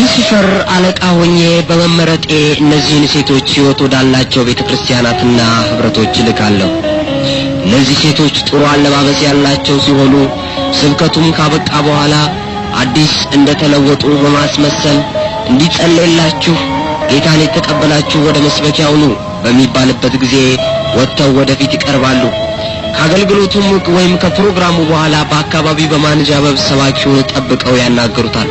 ኮሚሲሽር አለቃ ሆኜ በመመረጤ እነዚህን ሴቶች ሕይወት ወዳላቸው ቤተ ክርስቲያናትና ኅብረቶች እልካለሁ። እነዚህ ሴቶች ጥሩ አለባበስ ያላቸው ሲሆኑ ስብከቱም ካበቃ በኋላ አዲስ እንደ ተለወጡ በማስመሰል እንዲጸለይላችሁ ጌታን የተቀበላችሁ ወደ መስበኪያው ኑ በሚባልበት ጊዜ ወጥተው ወደፊት ይቀርባሉ። ከአገልግሎቱም ወይም ከፕሮግራሙ በኋላ በአካባቢ በማንጃ ሰባኪውን ጠብቀው ያናገሩታል።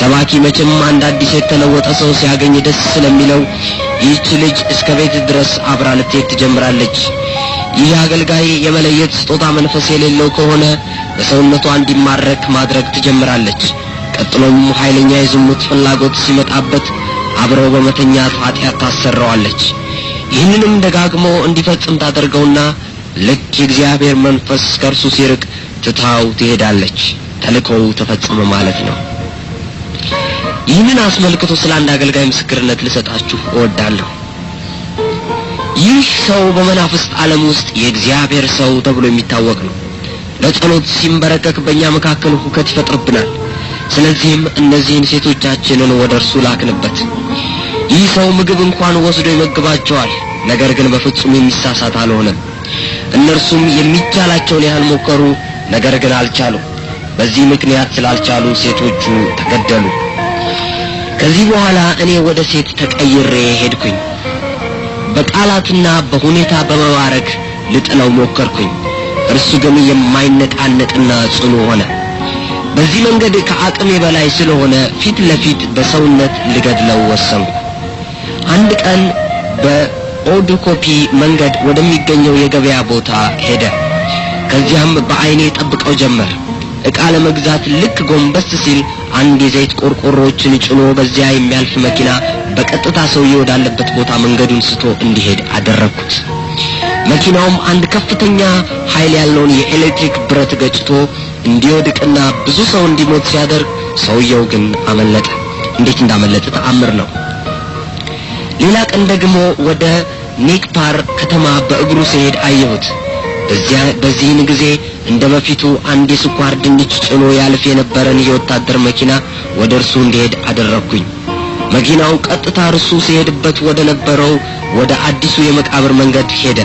ሰባኪ መቼም አንድ አዲስ የተለወጠ ሰው ሲያገኝ ደስ ስለሚለው ይህች ልጅ እስከ ቤት ድረስ አብራ ልትሄድ ትጀምራለች። ይህ አገልጋይ የመለየት ስጦታ መንፈስ የሌለው ከሆነ በሰውነቷ እንዲማረክ ማድረግ ትጀምራለች። ቀጥሎም ኃይለኛ የዝሙት ፍላጎት ሲመጣበት አብረው በመተኛት ኃጢአት ታሰረዋለች። ይህንንም ደጋግሞ እንዲፈጽም ታደርገውና ልክ የእግዚአብሔር መንፈስ ከእርሱ ሲርቅ ትታው ትሄዳለች። ተልእኮው ተፈጸመ ማለት ነው። ይህንን አስመልክቶ ስለ አንድ አገልጋይ ምስክርነት ልሰጣችሁ እወዳለሁ። ይህ ሰው በመናፍስት ዓለም ውስጥ የእግዚአብሔር ሰው ተብሎ የሚታወቅ ነው። ለጸሎት ሲንበረከክ በእኛ መካከል ሁከት ይፈጥርብናል። ስለዚህም እነዚህን ሴቶቻችንን ወደ እርሱ ላክንበት። ይህ ሰው ምግብ እንኳን ወስዶ ይመግባቸዋል። ነገር ግን በፍጹም የሚሳሳት አልሆነም። እነርሱም የሚቻላቸውን ያህል ሞከሩ፣ ነገር ግን አልቻሉ። በዚህ ምክንያት ስላልቻሉ ሴቶቹ ተገደሉ። ከዚህ በኋላ እኔ ወደ ሴት ተቀይሬ ሄድኩኝ። በቃላትና በሁኔታ በመባረክ ልጥለው ሞከርኩኝ። እርሱ ግን የማይነቃነቅና ጽኑ ሆነ። በዚህ መንገድ ከአቅሜ በላይ ስለሆነ ፊት ለፊት በሰውነት ልገድለው ወሰንኩ። አንድ ቀን በኦዶኮፒ መንገድ ወደሚገኘው የገበያ ቦታ ሄደ። ከዚያም በአይኔ ጠብቀው ጀመር። እቃ ለመግዛት ልክ ጎንበስ ሲል አንድ የዘይት ቆርቆሮዎችን ጭኖ በዚያ የሚያልፍ መኪና በቀጥታ ሰውዬ ወዳለበት ቦታ መንገዱን ስቶ እንዲሄድ አደረግኩት። መኪናውም አንድ ከፍተኛ ኃይል ያለውን የኤሌክትሪክ ብረት ገጭቶ እንዲወድቅና ብዙ ሰው እንዲሞት ሲያደርግ፣ ሰውየው ግን አመለጠ። እንዴት እንዳመለጠ ተአምር ነው። ሌላ ቀን ደግሞ ወደ ኔክፓር ከተማ በእግሩ ሲሄድ አየሁት። በዚህን ጊዜ እንደ በፊቱ አንድ የስኳር ድንች ጭኖ ያልፍ የነበረን የወታደር መኪና ወደ እርሱ እንዲሄድ አደረግኩኝ። መኪናው ቀጥታ እርሱ ሲሄድበት ወደ ነበረው ወደ አዲሱ የመቃብር መንገድ ሄደ።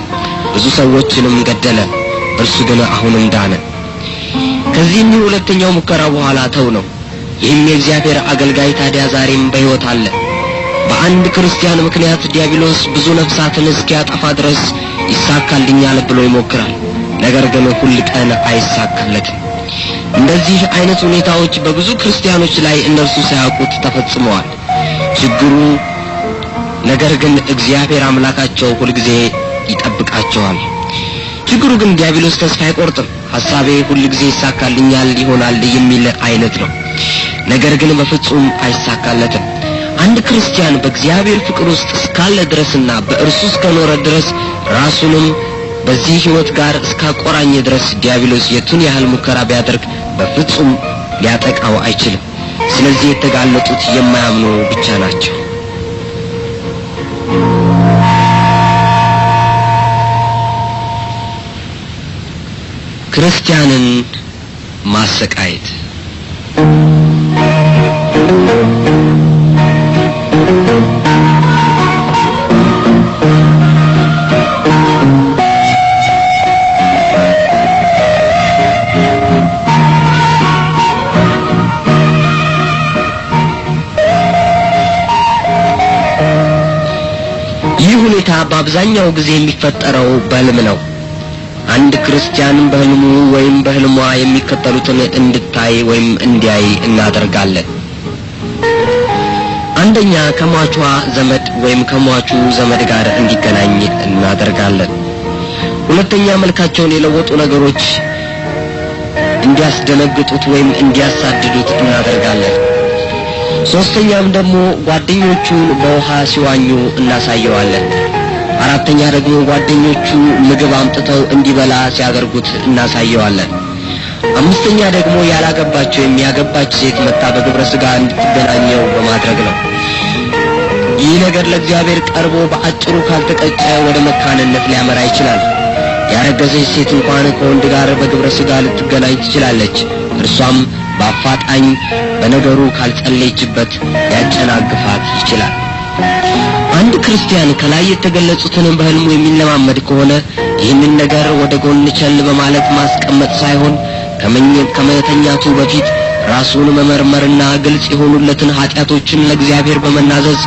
ብዙ ሰዎችንም ገደለ። እርሱ ግን አሁንም ዳነ። ከዚህም ሁለተኛው ሙከራ በኋላ ተው ነው። ይህም የእግዚአብሔር አገልጋይ ታዲያ ዛሬም በሕይወት አለ። በአንድ ክርስቲያን ምክንያት ዲያብሎስ ብዙ ነፍሳትን እስኪያጠፋ ድረስ ይሳካልኛል ብሎ ይሞክራል። ነገር ግን ሁል ቀን አይሳካለትም። እንደዚህ አይነት ሁኔታዎች በብዙ ክርስቲያኖች ላይ እነርሱ ሳያውቁት ተፈጽመዋል። ችግሩ ነገር ግን እግዚአብሔር አምላካቸው ሁልጊዜ ይጠብቃቸዋል። ችግሩ ግን ዲያብሎስ ተስፋ አይቆርጥም። ሐሳቤ ሁልጊዜ ይሳካልኛል ይሆናል የሚል አይነት ነው። ነገር ግን በፍጹም አይሳካለትም። አንድ ክርስቲያን በእግዚአብሔር ፍቅር ውስጥ እስካለ ድረስና በእርሱ እስከኖረ ድረስ ራሱንም በዚህ ሕይወት ጋር እስካቆራኘ ድረስ ዲያብሎስ የቱን ያህል ሙከራ ቢያደርግ በፍጹም ሊያጠቃው አይችልም። ስለዚህ የተጋለጡት የማያምኑ ብቻ ናቸው። ክርስቲያንን ማሰቃየት አብዛኛው ጊዜ የሚፈጠረው በህልም ነው። አንድ ክርስቲያን በህልሙ ወይም በህልሟ የሚከተሉትን እንድታይ ወይም እንዲያይ እናደርጋለን። አንደኛ ከሟቿ ዘመድ ወይም ከሟቹ ዘመድ ጋር እንዲገናኝ እናደርጋለን። ሁለተኛ መልካቸውን የለወጡ ነገሮች እንዲያስደነግጡት ወይም እንዲያሳድዱት እናደርጋለን። ሶስተኛም ደግሞ ጓደኞቹን በውሃ ሲዋኙ እናሳየዋለን። አራተኛ ደግሞ ጓደኞቹ ምግብ አምጥተው እንዲበላ ሲያደርጉት እናሳየዋለን። አምስተኛ ደግሞ ያላገባቸው የሚያገባች ሴት መታ በግብረ ስጋ እንድትገናኘው በማድረግ ነው። ይህ ነገር ለእግዚአብሔር ቀርቦ በአጭሩ ካልተቀጨ ወደ መካንነት ሊያመራ ይችላል። ያረገዘች ሴት እንኳን ከወንድ ጋር በግብረ ስጋ ልትገናኝ ትችላለች። እርሷም በአፋጣኝ በነገሩ ካልጸለይችበት ሊያጨናግፋት ይችላል። ክርስቲያን ከላይ የተገለጹትንም በህልሙ የሚለማመድ ከሆነ ይህንን ነገር ወደ ጎን ቸል በማለት ማስቀመጥ ሳይሆን ከመተኛቱ በፊት ራሱን መመርመርና ግልጽ የሆኑለትን ኀጢአቶችን ለእግዚአብሔር በመናዘዝ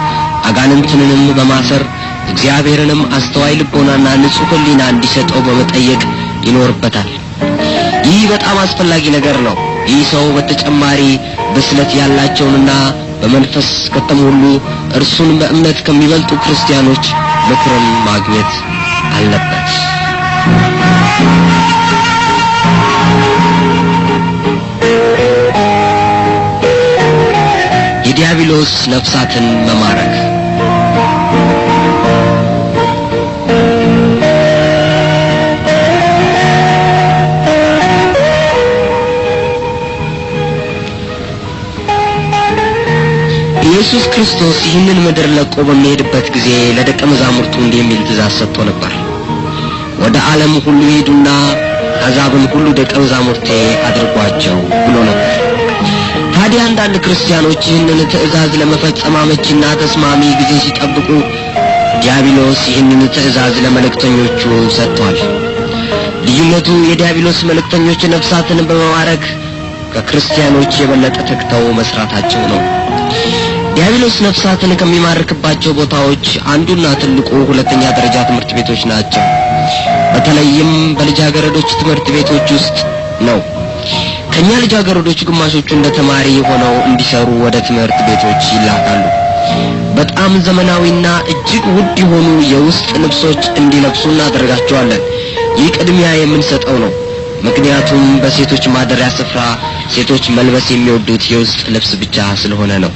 አጋንንትንንም በማሰር እግዚአብሔርንም አስተዋይ ልቦናና ንጹሕ ህሊና እንዲሰጠው በመጠየቅ ይኖርበታል። ይህ በጣም አስፈላጊ ነገር ነው። ይህ ሰው በተጨማሪ ብስለት ያላቸውንና በመንፈስ ከተሙ ሁሉ እርሱን በእምነት ከሚበልጡ ክርስቲያኖች ምክርን ማግኘት አለበት። የዲያብሎስ ነፍሳትን መማረክ ኢየሱስ ክርስቶስ ይህንን ምድር ለቆ በሚሄድበት ጊዜ ለደቀ መዛሙርቱ እንዲህ የሚል ትእዛዝ ሰጥቶ ነበር። ወደ ዓለም ሁሉ ሂዱና አሕዛብን ሁሉ ደቀ መዛሙርቴ አድርጓቸው ብሎ ነበር። ታዲያ አንዳንድ ክርስቲያኖች ይህንን ትእዛዝ ለመፈጸም አመቺና ተስማሚ ጊዜ ሲጠብቁ ዲያብሎስ ይህንን ትእዛዝ ለመልእክተኞቹ ሰጥቷል። ልዩነቱ የዲያብሎስ መልእክተኞች ነፍሳትን በመማረክ ከክርስቲያኖች የበለጠ ተግተው መስራታቸው ነው። ዲያብሎስ ነፍሳትን ከሚማርክባቸው ቦታዎች አንዱና ትልቁ ሁለተኛ ደረጃ ትምህርት ቤቶች ናቸው። በተለይም በልጃገረዶች ትምህርት ቤቶች ውስጥ ነው። ከኛ ልጃገረዶች ግማሾቹ እንደ ተማሪ ሆነው እንዲሰሩ ወደ ትምህርት ቤቶች ይላካሉ። በጣም ዘመናዊና እጅግ ውድ የሆኑ የውስጥ ልብሶች እንዲለብሱ እናደርጋቸዋለን። ይህ ቅድሚያ የምንሰጠው ነው። ምክንያቱም በሴቶች ማደሪያ ስፍራ ሴቶች መልበስ የሚወዱት የውስጥ ልብስ ብቻ ስለሆነ ነው።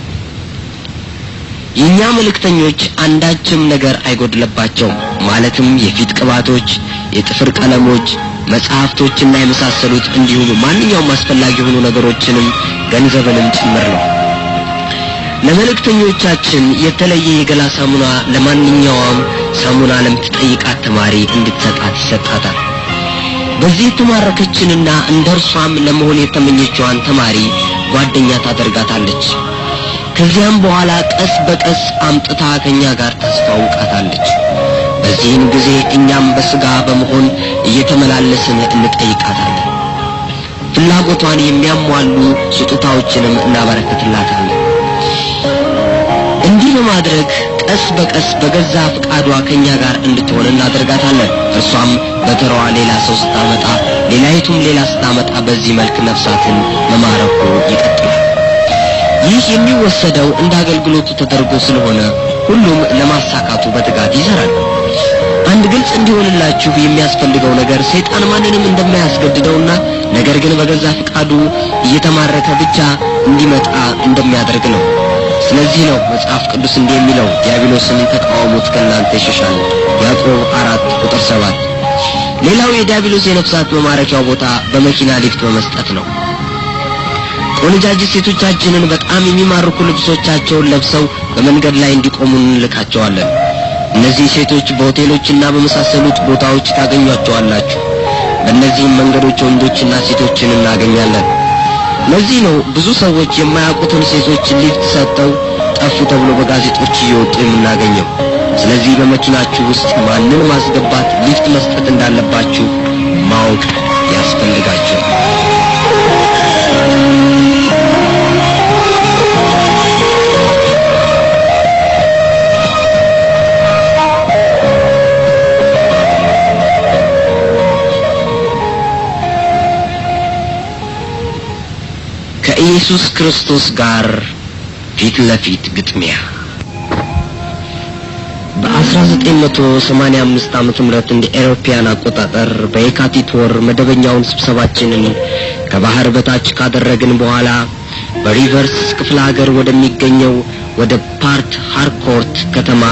የእኛ መልእክተኞች አንዳችም ነገር አይጎድለባቸውም። ማለትም የፊት ቅባቶች፣ የጥፍር ቀለሞች፣ መጽሐፍቶችና የመሳሰሉት እንዲሁም ማንኛውም አስፈላጊ የሆኑ ነገሮችንም ገንዘብንም ጭምር ነው። ለመልእክተኞቻችን የተለየ የገላ ሳሙና ለማንኛውም ሳሙና ለምትጠይቃት ተማሪ እንድትሰጣት ይሰጣታል። በዚህ የተማረከችንና እንደ እርሷም ለመሆን የተመኘችዋን ተማሪ ጓደኛ ታደርጋታለች። ከዚያም በኋላ ቀስ በቀስ አምጥታ ከኛ ጋር ታስተዋውቃታለች። በዚህም ጊዜ እኛም በስጋ በመሆን እየተመላለስን እንጠይቃታለን። ፍላጎቷን የሚያሟሉ ስጦታዎችንም እናበረክትላታለን። እንዲህ በማድረግ ቀስ በቀስ በገዛ ፈቃዷ ከእኛ ጋር እንድትሆን እናደርጋታለን። እርሷም በተሯ ሌላ ሰው ስታመጣ፣ ሌላይቱም ሌላ ስታመጣ፣ በዚህ መልክ ነፍሳትን መማረኩ ይቀጥላል። ይህ የሚወሰደው እንደ አገልግሎቱ ተደርጎ ስለሆነ ሁሉም ለማሳካቱ በትጋት ይሰራል። አንድ ግልጽ እንዲሆንላችሁ የሚያስፈልገው ነገር ሰይጣን ማንንም እንደማያስገድደውና ነገር ግን በገዛ ፍቃዱ እየተማረከ ብቻ እንዲመጣ እንደሚያደርግ ነው። ስለዚህ ነው መጽሐፍ ቅዱስ እንዲህ የሚለው ዲያብሎስን ተቃወሙት ከእናንተ ይሸሻል፣ ያዕቆብ አራት ቁጥር ሰባት። ሌላው የዲያብሎስ የነፍሳት መማረኪያው ቦታ በመኪና ሊፍት በመስጠት ነው። ወነጃጅት ሴቶቻችንን በጣም የሚማርኩ ልብሶቻቸውን ለብሰው በመንገድ ላይ እንዲቆሙ እንልካቸዋለን። እነዚህ ሴቶች በሆቴሎችና በመሳሰሉት ቦታዎች ታገኟቸዋላችሁ። በእነዚህም መንገዶች ወንዶችና ሴቶችን እናገኛለን። ለዚህ ነው ብዙ ሰዎች የማያውቁትን ሴቶች ሊፍት ሰጥተው ጠፉ ተብሎ በጋዜጦች እየወጡ የምናገኘው። ስለዚህ በመኪናችሁ ውስጥ ማንን ማስገባት፣ ሊፍት መስጠት እንዳለባችሁ ማወቅ ያስፈልጋችኋል። ከኢየሱስ ክርስቶስ ጋር ፊት ለፊት ግጥሚያ በ1985 ዓመተ ምህረት እንደ ኤሮፓያን አቆጣጠር በየካቲት ወር መደበኛውን ስብሰባችንን ከባህር በታች ካደረግን በኋላ በሪቨርስ ክፍለ ሀገር ወደሚገኘው ወደ ፓርት ሃርኮርት ከተማ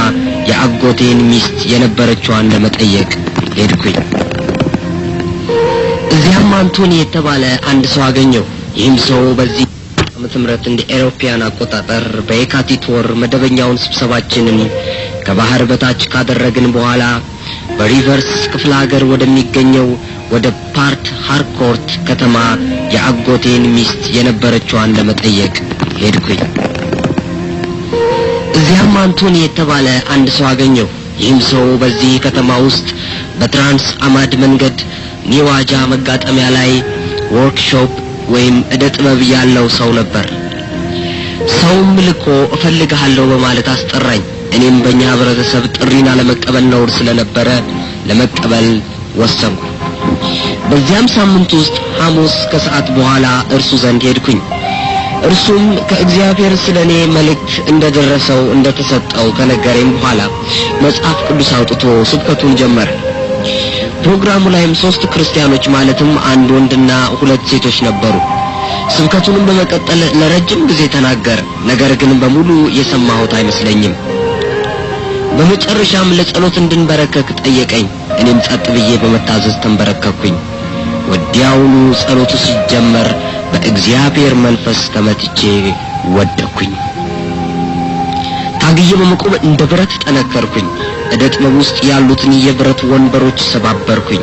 የአጎቴን ሚስት የነበረችዋን ለመጠየቅ ሄድኩኝ። እዚያም አንቶኒ የተባለ አንድ ሰው አገኘው። ይህም ሰው በዚህ ምህረት እንደ ኤሮፓያን አቆጣጠር በየካቲት ወር መደበኛውን ስብሰባችንን ከባህር በታች ካደረግን በኋላ በሪቨርስ ክፍለ ሀገር ወደሚገኘው ወደ ፓርት ሃርኮርት ከተማ የአጎቴን ሚስት የነበረችዋን ለመጠየቅ ሄድኩኝ። እዚያም አንቶኒ የተባለ አንድ ሰው አገኘው ይህም ሰው በዚህ ከተማ ውስጥ በትራንስ አማድ መንገድ ኒዋጃ መጋጠሚያ ላይ ወርክሾፕ ወይም እደ ጥበብ ያለው ሰው ነበር። ሰውም ልኮ እፈልግሃለሁ በማለት አስጠራኝ። እኔም በእኛ ህብረተሰብ ጥሪና ለመቀበል ነውር ስለነበረ ለመቀበል ወሰንኩ። በዚያም ሳምንት ውስጥ ሐሙስ ከሰዓት በኋላ እርሱ ዘንድ ሄድኩኝ። እርሱም ከእግዚአብሔር ስለ እኔ መልእክት እንደ ደረሰው እንደ ተሰጠው ከነገረኝ በኋላ መጽሐፍ ቅዱስ አውጥቶ ስብከቱን ጀመረ። ፕሮግራሙ ላይም ሶስት ክርስቲያኖች ማለትም አንድ ወንድና ሁለት ሴቶች ነበሩ። ስብከቱንም በመቀጠል ለረጅም ጊዜ ተናገረ። ነገር ግን በሙሉ የሰማሁት አይመስለኝም። በመጨረሻም ለጸሎት እንድንበረከክ ጠየቀኝ። እኔም ጸጥ ብዬ በመታዘዝ ተንበረከኩኝ። ወዲያውኑ ጸሎቱ ሲጀመር በእግዚአብሔር መንፈስ ተመትቼ ወደኩኝ። ታግዬ በመቆም እንደ ብረት ጠነከርኩኝ። እደ ጥበብ ውስጥ ያሉትን የብረት ወንበሮች ሰባበርኩኝ።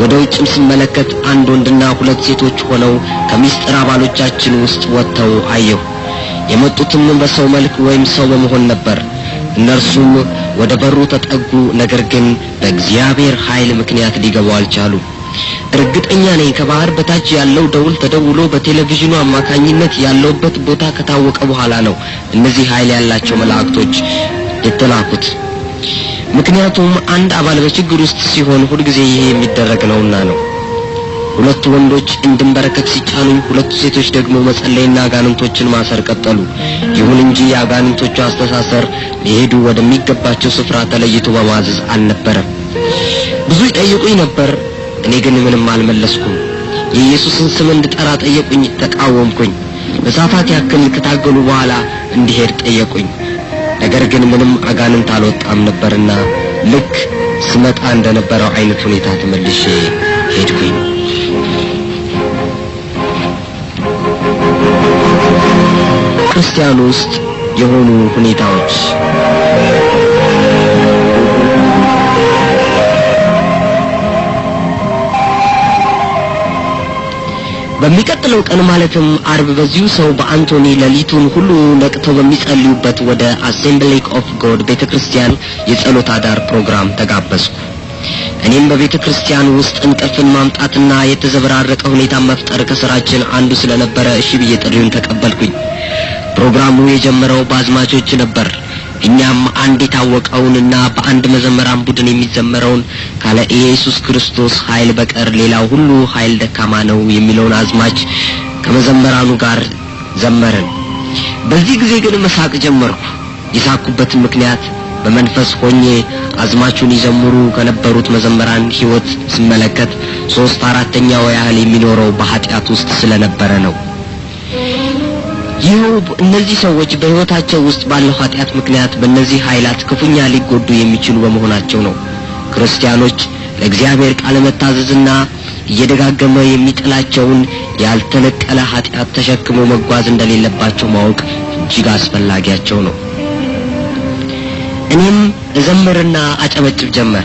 ወደ ውጭም ስመለከት አንድ ወንድና ሁለት ሴቶች ሆነው ከሚስጥር አባሎቻችን ውስጥ ወጥተው አየሁ። የመጡትም በሰው መልክ ወይም ሰው በመሆን ነበር። እነርሱም ወደ በሩ ተጠጉ። ነገር ግን በእግዚአብሔር ኃይል ምክንያት ሊገቡ አልቻሉም። እርግጠኛ ነኝ ከባህር በታች ያለው ደውል ተደውሎ በቴሌቪዥኑ አማካኝነት ያለውበት ቦታ ከታወቀ በኋላ ነው እነዚህ ኃይል ያላቸው መላእክቶች የተላኩት። ምክንያቱም አንድ አባል በችግር ውስጥ ሲሆን ሁልጊዜ ይሄ የሚደረግ ነውና ነው። ሁለቱ ወንዶች እንድንበረከት ሲጫኑኝ፣ ሁለቱ ሴቶች ደግሞ መጸለይና አጋንንቶችን ማሰር ቀጠሉ። ይሁን እንጂ የአጋንንቶቹ አስተሳሰር ሊሄዱ ወደሚገባቸው ስፍራ ተለይቶ በማዘዝ አልነበረም። ብዙ ይጠይቁኝ ነበር እኔ ግን ምንም አልመለስኩም። የኢየሱስን ስም እንድጠራ ጠየቁኝ፣ ተቃወምኩኝ። ለሰዓታት ያክል ከታገሉ በኋላ እንዲሄድ ጠየቁኝ። ነገር ግን ምንም አጋንንት አልወጣም ነበርና ልክ ስመጣ እንደነበረው አይነት ሁኔታ ተመልሼ ሄድኩኝ። ክርስቲያን ውስጥ የሆኑ ሁኔታዎች በሚቀጥለው ቀን ማለትም አርብ በዚሁ ሰው በአንቶኒ ሌሊቱን ሁሉ ነቅተው በሚጸልዩበት ወደ አሴምብሊ ኦፍ ጎድ ቤተ ክርስቲያን የጸሎት አዳር ፕሮግራም ተጋበዝኩ። እኔም በቤተ ክርስቲያን ውስጥ እንቅልፍን ማምጣትና የተዘበራረቀ ሁኔታ መፍጠር ከስራችን አንዱ ስለነበረ እሺ ብዬ ጥሪውን ተቀበልኩኝ። ፕሮግራሙ የጀመረው በአዝማቾች ነበር። እኛም አንድ የታወቀውንና በአንድ መዘመራን ቡድን የሚዘመረውን ካለ ኢየሱስ ክርስቶስ ኃይል በቀር ሌላው ሁሉ ኃይል ደካማ ነው የሚለውን አዝማች ከመዘመራኑ ጋር ዘመርን። በዚህ ጊዜ ግን መሳቅ ጀመርኩ። የሳኩበትን ምክንያት በመንፈስ ሆኜ አዝማቹን ይዘምሩ ከነበሩት መዘመራን ሕይወት ስመለከት ሶስት አራተኛው ያህል የሚኖረው በኃጢአት ውስጥ ስለነበረ ነው። ይኸው እነዚህ ሰዎች በሕይወታቸው ውስጥ ባለው ኃጢአት ምክንያት በእነዚህ ኃይላት ክፉኛ ሊጎዱ የሚችሉ በመሆናቸው ነው። ክርስቲያኖች ለእግዚአብሔር ቃለ መታዘዝና እየደጋገመ የሚጥላቸውን ያልተነቀለ ኃጢአት ተሸክሞ መጓዝ እንደሌለባቸው ማወቅ እጅግ አስፈላጊያቸው ነው። እኔም እዘምርና አጨበጭብ ጀመር።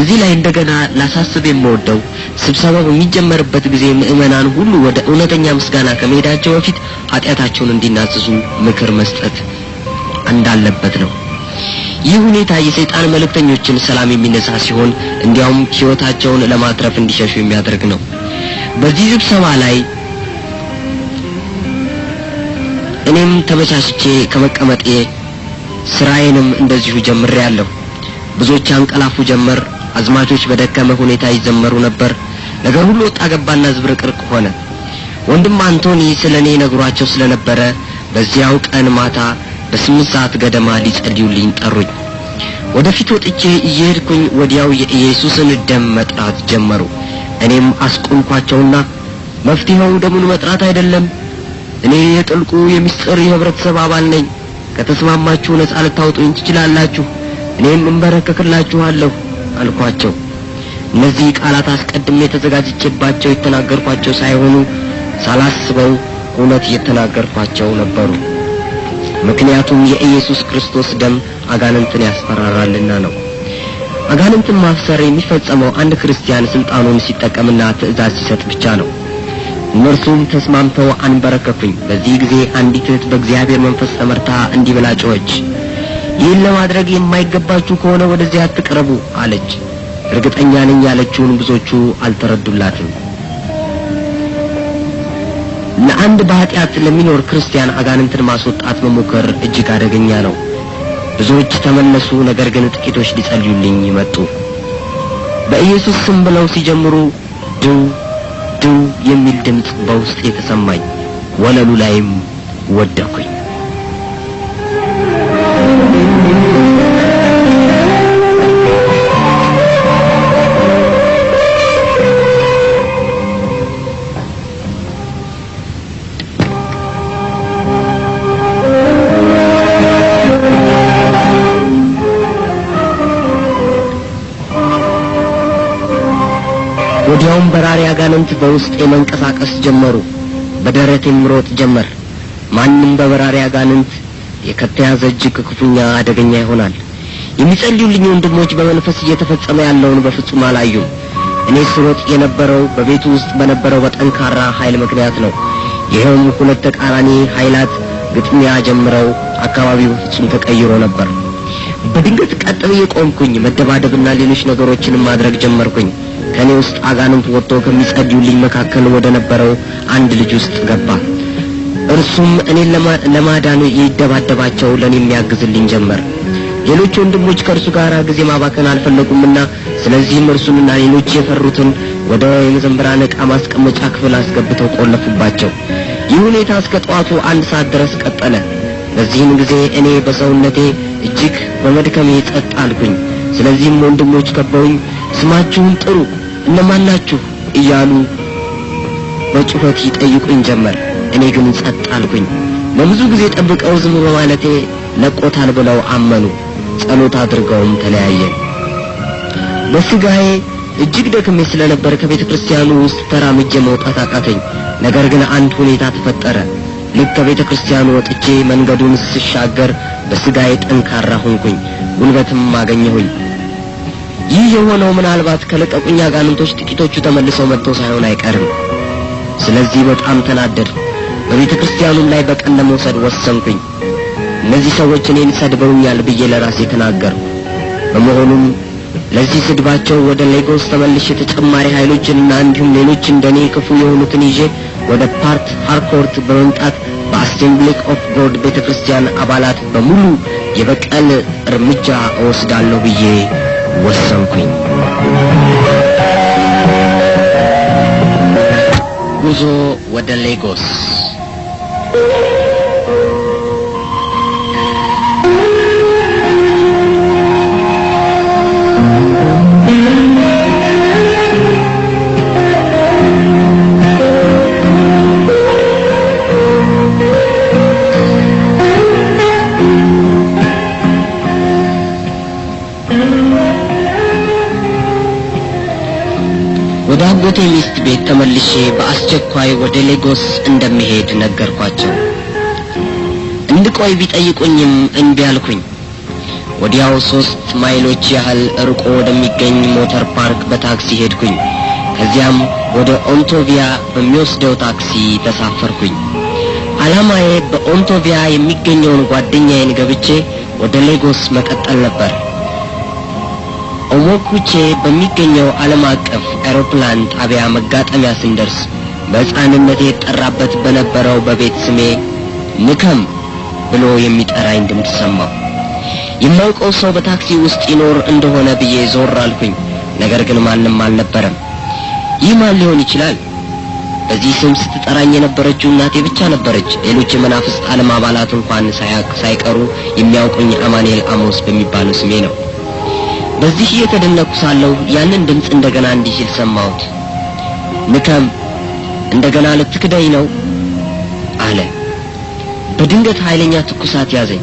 እዚህ ላይ እንደገና ላሳስብ የምወደው ስብሰባው በሚጀመርበት ጊዜ ምእመናን ሁሉ ወደ እውነተኛ ምስጋና ከመሄዳቸው በፊት ኃጢአታቸውን እንዲናዝዙ ምክር መስጠት እንዳለበት ነው። ይህ ሁኔታ የሰይጣን መልእክተኞችን ሰላም የሚነሳ ሲሆን እንዲያውም ሕይወታቸውን ለማትረፍ እንዲሸሹ የሚያደርግ ነው። በዚህ ስብሰባ ላይ እኔም ተመቻችቼ ከመቀመጤ ስራዬንም እንደዚሁ ጀምሬ ያለሁ። ብዙዎች አንቀላፉ ጀመር። አዝማቾች በደከመ ሁኔታ ይዘመሩ ነበር። ነገር ሁሉ ወጣ ገባና ዝብርቅርቅ ሆነ። ወንድም አንቶኒ ስለኔ ነግሯቸው ስለነበረ በዚያው ቀን ማታ በስምንት ሰዓት ገደማ ሊጸልዩልኝ ጠሩኝ። ወደፊት ወጥቼ እየሄድኩኝ ወዲያው የኢየሱስን ደም መጥራት ጀመሩ። እኔም አስቆምኳቸውና መፍትሄው ደሙን መጥራት አይደለም፣ እኔ የጥልቁ የሚስጥር የህብረተሰብ አባል ነኝ። ከተስማማችሁ ነጻ ልታውጡኝ ትችላላችሁ፣ እኔም እንበረከክላችኋለሁ አልኳቸው። እነዚህ ቃላት አስቀድሜ የተዘጋጅቼባቸው የተናገርኳቸው ሳይሆኑ ሳላስበው እውነት የተናገርኳቸው ነበሩ። ምክንያቱም የኢየሱስ ክርስቶስ ደም አጋንንትን ያስፈራራልና ነው። አጋንንትን ማፍሰር የሚፈጸመው አንድ ክርስቲያን ስልጣኑን ሲጠቀምና ትእዛዝ ሲሰጥ ብቻ ነው። እነርሱም ተስማምተው አንበረከኩኝ። በዚህ ጊዜ አንዲት እህት በእግዚአብሔር መንፈስ ተመርታ እንዲህ ብላ ጮኸች። ይህን ለማድረግ የማይገባችሁ ከሆነ ወደዚህ አትቅረቡ አለች። እርግጠኛ ነኝ ያለችውን ብዙዎቹ አልተረዱላትም። ለአንድ በኃጢአት ለሚኖር ክርስቲያን አጋንንትን ማስወጣት መሞከር እጅግ አደገኛ ነው። ብዙዎች ተመለሱ፣ ነገር ግን ጥቂቶች ሊጸልዩልኝ መጡ። በኢየሱስ ስም ብለው ሲጀምሩ ድው ድው የሚል ድምፅ በውስጥ የተሰማኝ፣ ወለሉ ላይም ወደኩኝ። ያውም በራሪ አጋንንት በውስጤ መንቀሳቀስ ጀመሩ። በደረት የምሮጥ ጀመር። ማንም በበራሪ አጋንንት የከተያዘ እጅግ ክፉኛ አደገኛ ይሆናል። የሚጸልዩልኝ ወንድሞች በመንፈስ እየተፈጸመ ያለውን በፍጹም አላዩም። እኔ ስሮጥ የነበረው በቤቱ ውስጥ በነበረው በጠንካራ ኃይል ምክንያት ነው። ይኸውም ሁለት ተቃራኒ ኃይላት ግጥሚያ ጀምረው አካባቢው ፍጹም ተቀይሮ ነበር። በድንገት ቀጥ ብዬ ቆምኩኝ። መደባደብና ሌሎች ነገሮችንም ማድረግ ጀመርኩኝ። ከእኔ ውስጥ አጋንንት ወጥቶ ከሚጸልዩልኝ መካከል ወደ ነበረው አንድ ልጅ ውስጥ ገባ። እርሱም እኔን ለማዳኑ ይደባደባቸው፣ ለእኔ የሚያግዝልኝ ጀመር። ሌሎች ወንድሞች ከእርሱ ጋር ጊዜ ማባከን አልፈለጉምና ስለዚህም እርሱንና ሌሎች የፈሩትን ወደ የመዘምራን ዕቃ ማስቀመጫ ክፍል አስገብተው ቆለፉባቸው። ይህ ሁኔታ እስከ ጠዋቱ አንድ ሰዓት ድረስ ቀጠለ። በዚህም ጊዜ እኔ በሰውነቴ እጅግ በመድከሜ ጸጥ አልኩኝ። ስለዚህም ወንድሞች ከበውኝ ስማችሁን ጥሩ እነማን እያሉ በጩኸት ይጠይቁኝ ጀመር። እኔ ግን ጸጥ አልኩኝ። ለብዙ ጊዜ ጠብቀው ዝም በማለቴ ለቆታል ብለው አመኑ። ጸሎት አድርገውም ተለያየን። በስጋዬ እጅግ ደክሜ ስለነበር ከቤተ ክርስቲያኑ ውስጥ ተራምጄ መውጣት አቃተኝ። ነገር ግን አንድ ሁኔታ ተፈጠረ። ልክ ከቤተ ክርስቲያኑ ወጥቼ መንገዱን ስሻገር በስጋዬ ጠንካራ ሆንኩኝ፣ ጉልበትም አገኘሁኝ። ይህ የሆነው ምናልባት ከለቀቁኝ አጋንንቶች ጥቂቶቹ ተመልሰው መጥተው ሳይሆን አይቀርም። ስለዚህ በጣም ተናደድ በቤተ ክርስቲያኑም ላይ በቀን ለመውሰድ ወሰንኩኝ። እነዚህ ሰዎች እኔን ሰድበውኛል ብዬ ለራሴ ተናገር በመሆኑም ለዚህ ስድባቸው ወደ ሌጎስ ተመልሼ ተጨማሪ ኃይሎችንና እንዲሁም ሌሎች እንደኔ ክፉ የሆኑትን ይዤ ወደ ፓርት ሃርኮርት በመምጣት በአስቴምብሊ ኦፍ ጎድ ቤተ ክርስቲያን አባላት በሙሉ የበቀል እርምጃ እወስዳለሁ ብዬ was something. ጉዞ ወደ Lagos. ከአጎቴ ሚስት ቤት ተመልሼ በአስቸኳይ ወደ ሌጎስ እንደምሄድ ነገርኳቸው። እንድቆይ ቢጠይቁኝም እንቢ አልኩኝ። ወዲያው ሶስት ማይሎች ያህል ርቆ ወደሚገኝ ሞተር ፓርክ በታክሲ ሄድኩኝ። ከዚያም ወደ ኦንቶቪያ በሚወስደው ታክሲ ተሳፈርኩኝ። አላማዬ በኦንቶቪያ የሚገኘውን ጓደኛዬን ገብቼ ወደ ሌጎስ መቀጠል ነበር። ኦሞኩቼ በሚገኘው ዓለም አቀፍ አውሮፕላን ጣቢያ መጋጠሚያ ስንደርስ በሕፃንነት የተጠራበት በነበረው በቤት ስሜ ንከም ብሎ የሚጠራኝ ድምፅ ሰማሁ። የማውቀው ሰው በታክሲ ውስጥ ይኖር እንደሆነ ብዬ ዞር አልኩኝ። ነገር ግን ማንም አልነበረም። ይህ ማን ሊሆን ይችላል? በዚህ ስም ስትጠራኝ የነበረችው እናቴ ብቻ ነበረች። ሌሎች የመናፍስት ዓለም አባላት እንኳን ሳይቀሩ የሚያውቁኝ አማኑኤል አሞስ በሚባለው ስሜ ነው። በዚህ እየተደነቁ ሳለው ያንን ድምፅ እንደገና እንዲህ ሲል ሰማሁት። ንከም እንደገና ልትክደኝ ነው አለ። በድንገት ኃይለኛ ትኩሳት ያዘኝ።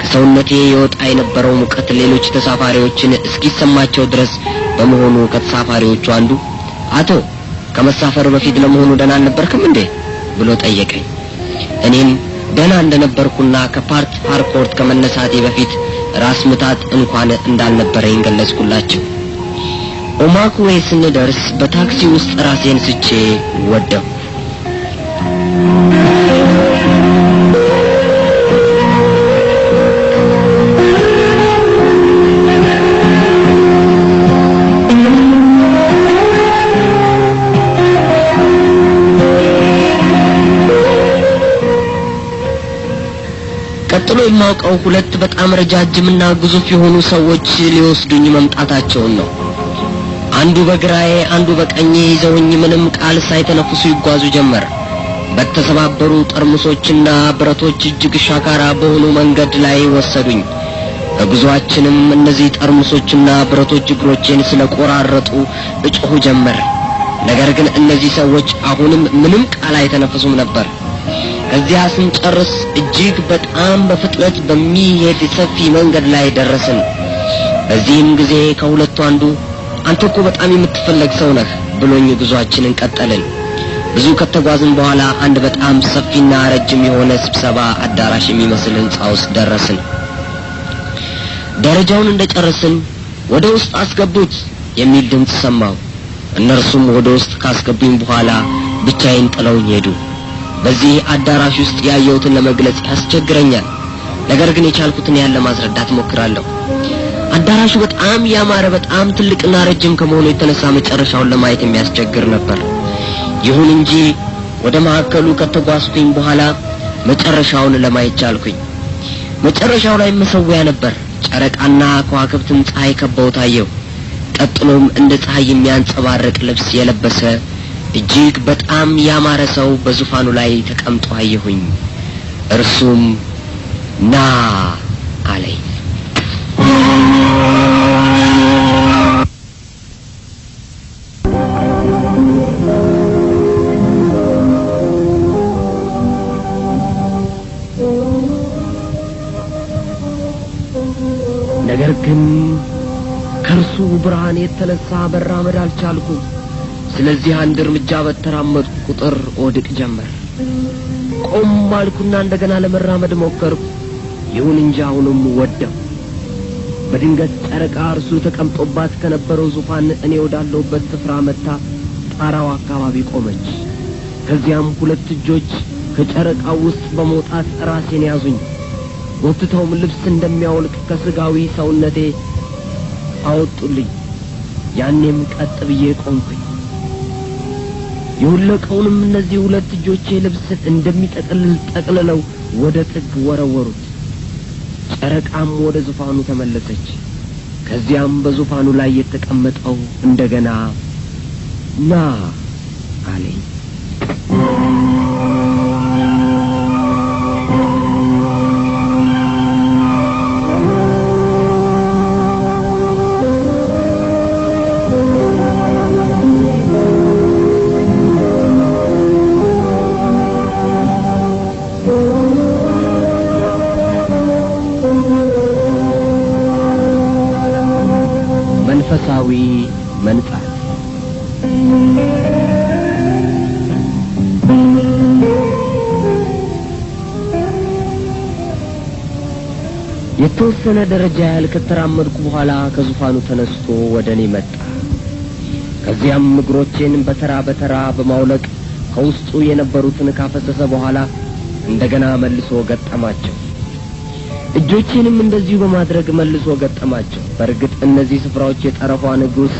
ከሰውነቴ የወጣ የነበረው ሙቀት ሌሎች ተሳፋሪዎችን እስኪሰማቸው ድረስ በመሆኑ ከተሳፋሪዎቹ አንዱ አቶ ከመሳፈር በፊት ለመሆኑ ደና አልነበርክም እንዴ ብሎ ጠየቀኝ። እኔም ደና እንደነበርኩና ከፓርት ሃርኮርት ከመነሳቴ በፊት ራስ ምታት እንኳን እንዳልነበረኝ ገለጽኩላቸው። ኦማኩዌ ስንደርስ በታክሲ ውስጥ ራሴን ስቼ ወደሁ። ቀጥሎ የማውቀው ሁለት በጣም ረጃጅምና ግዙፍ የሆኑ ሰዎች ሊወስዱኝ መምጣታቸውን ነው። አንዱ በግራዬ አንዱ በቀኜ ይዘውኝ ምንም ቃል ሳይተነፍሱ ይጓዙ ጀመር። በተሰባበሩ ጠርሙሶችና ብረቶች እጅግ ሻካራ በሆኑ መንገድ ላይ ወሰዱኝ። በጉዞአችንም እነዚህ ጠርሙሶችና ብረቶች እግሮቼን ስለ ቆራረጡ እጮኹ ጀመር። ነገር ግን እነዚህ ሰዎች አሁንም ምንም ቃል አይተነፍሱም ነበር። ከዚያ ስንጨርስ እጅግ በጣም በፍጥነት በሚሄድ ሰፊ መንገድ ላይ ደረስን። በዚህም ጊዜ ከሁለቱ አንዱ አንተ እኮ በጣም የምትፈለግ ሰው ነህ ብሎኝ ጉዟችንን ቀጠልን። ብዙ ከተጓዝን በኋላ አንድ በጣም ሰፊና ረጅም የሆነ ስብሰባ አዳራሽ የሚመስል ሕንጻ ውስጥ ደረስን። ደረጃውን እንደጨረስን ወደ ውስጥ አስገቡት የሚል ድምፅ ሰማሁ። እነርሱም ወደ ውስጥ ካስገቡኝ በኋላ ብቻዬን ጥለውኝ ሄዱ። በዚህ አዳራሽ ውስጥ ያየሁትን ለመግለጽ ያስቸግረኛል። ነገር ግን የቻልኩትን ያህል ለማስረዳት እሞክራለሁ። አዳራሹ በጣም ያማረ፣ በጣም ትልቅና ረጅም ከመሆኑ የተነሳ መጨረሻውን ለማየት የሚያስቸግር ነበር። ይሁን እንጂ ወደ ማዕከሉ ከተጓዝኩኝ በኋላ መጨረሻውን ለማየት ቻልኩኝ። መጨረሻው ላይ መሰዊያ ነበር። ጨረቃና ከዋክብትን ፀሐይ ከበው ታየው። ቀጥሎም እንደ ፀሐይ የሚያንጸባርቅ ልብስ የለበሰ እጅግ በጣም ያማረ ሰው በዙፋኑ ላይ ተቀምጦ አየሁኝ። እርሱም ና አለኝ። ነገር ግን ከእርሱ ብርሃን የተነሳ መራመድ አልቻልኩም። ስለዚህ አንድ እርምጃ በተራመድኩ ቁጥር ወድቅ ጀመር። ቆም አልኩና እንደገና ለመራመድ ሞከርኩ። ይሁን እንጂ አሁንም ወደው። በድንገት ጨረቃ እርሱ ተቀምጦባት ከነበረው ዙፋን እኔ ወዳለሁበት ስፍራ መታ ጣራው አካባቢ ቆመች። ከዚያም ሁለት እጆች ከጨረቃው ውስጥ በመውጣት ራሴን ያዙኝ። ወጥተውም ልብስ እንደሚያወልቅ ከስጋዊ ሰውነቴ አወጡልኝ። ያኔም ቀጥ ብዬ ቆምኩኝ። የወለቀውንም እነዚህ ሁለት እጆቼ ልብስ እንደሚጠቅልል ጠቅልለው ወደ ጥግ ወረወሩት። ጨረቃም ወደ ዙፋኑ ተመለሰች። ከዚያም በዙፋኑ ላይ የተቀመጠው እንደገና ና አለኝ። መንፈሳዊ መንጻት የተወሰነ ደረጃ ያህል ከተራመድኩ በኋላ ከዙፋኑ ተነስቶ ወደ እኔ መጣ። ከዚያም እግሮቼን በተራ በተራ በማውለቅ ከውስጡ የነበሩትን ካፈሰሰ በኋላ እንደገና መልሶ ገጠማቸው። እጆቼንም እንደዚሁ በማድረግ መልሶ ገጠማቸው። በእርግጥ እነዚህ ስፍራዎች የጠረፏ ንጉሥ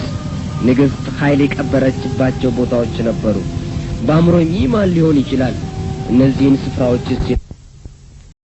ንግሥት ኃይል የቀበረችባቸው ቦታዎች ነበሩ። በአእምሮ ማን ሊሆን ይችላል። እነዚህን ስፍራዎችስ